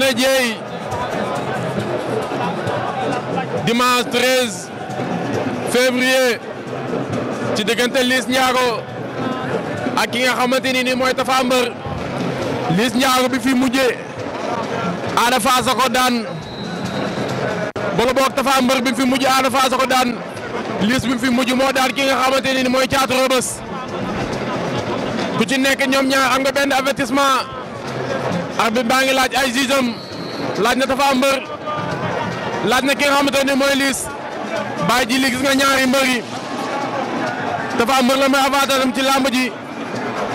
journée Dieye dimanche 13 février ci diggante Liss Ndiago ak ki nga xamante ni mooy Tapha Mbeur Liss bi fi mujjee Ada Fass a ko daan bolo boog Tapha bi fi mujj Ada Fass ko daan Liss bi fi mujj moo daan ki nga xamante ni mooy Thiatou Rebeuss ku ci nekk ñoom ñaar am nga benn avertissement arbitre baa ngi laaj ay jugeem laaj na Tapha Mbeur laaj na ki nga xamante ne mooy Liss Baye Djily gis nga ñaari mbër yi Tapha Mbeur la mooy avantage am ci làmb ji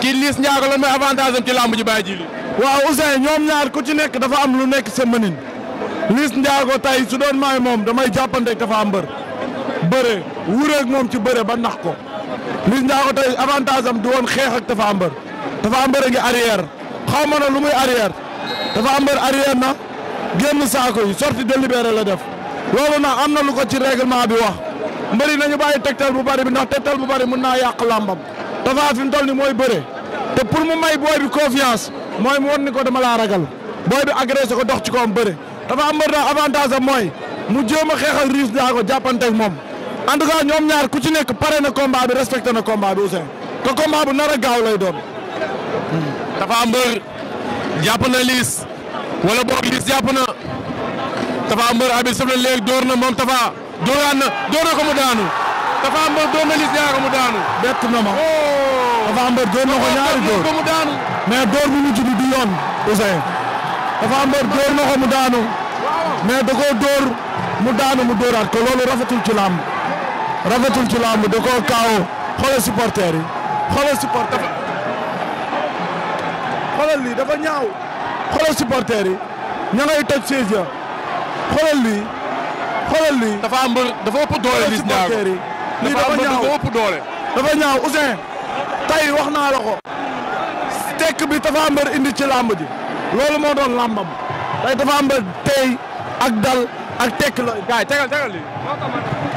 kii Liss Ndiago la mooy avantage ci làmb ji Baye Djily. waaw Ousseyn ñoom ñaar ku ci nekk dafa am lu nekk sa mënin Liss Ndiago tay su doon maay moom damay jàppanteeg Tapha Mbeur bëre wuureeg moom ci bëre ba nax ko Liss Ndiago tay avantage am du woon xeex ak Tapha Mbeur Tapha a ngi arrière. xaw ma na lu muy arrière dafa am mbër arrière na génn saako yi sortie délibérée la def loolu nag am na lu ko ci règlement bi wax mbëri nañu bàyyi tegtal bu bari bi ndax tegtal bu bari mën naa yàq làmbam dafa fi mu toll ni mooy bëre te pour mu may booy bi confiance mooy mu won ni ko dama laa ragal booy bi agressé ko dox ci ko kawam bëre dafa am mbër na avantage am mooy mu jéem a xeexal riis daa ko moom en tout cas ñoom ñaar ku ci nekk pare na combat bi respecté na combat bi Ousseyn te combat bu gaaw lay doon Tapha Mbeur jàpp na Liss wala boog Liss jàpp na Tapha Mbeur abi sëb la léegi door na moom Tapha door na ko mu daanu Tapha door na Liss ñaar mu daanu. bett na ma oh! Tapha Mbeur door na ko ñaari door mu daanu. mais door bi mujj bi du yoon door na ko mu daanu mais da door mu daanu mu dooraat ko loolu rafetul ci làmb kaaw xoolal supporter yi xoolal xoolal lii dafa ñaaw xoolal supporters yi ña ngay toj siège ya xoolal lii xoolal lii. dafa am dafa ëpp doole Liss Ndiago lii dafa ñaaw dafa ëpp doole. dafa ñaaw Ousseyn tey wax naa la ko. bi dafa am indi ci làmb ji loolu moo doon làmbam tey dafa am tey ak dal ak tekk la. tegal tegal lii.